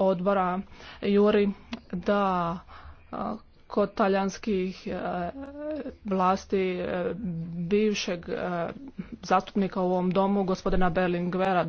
odbora Juri da kod talijanskih e, vlasti e, bivšeg e, zastupnika u ovom domu gospodina Berlinguera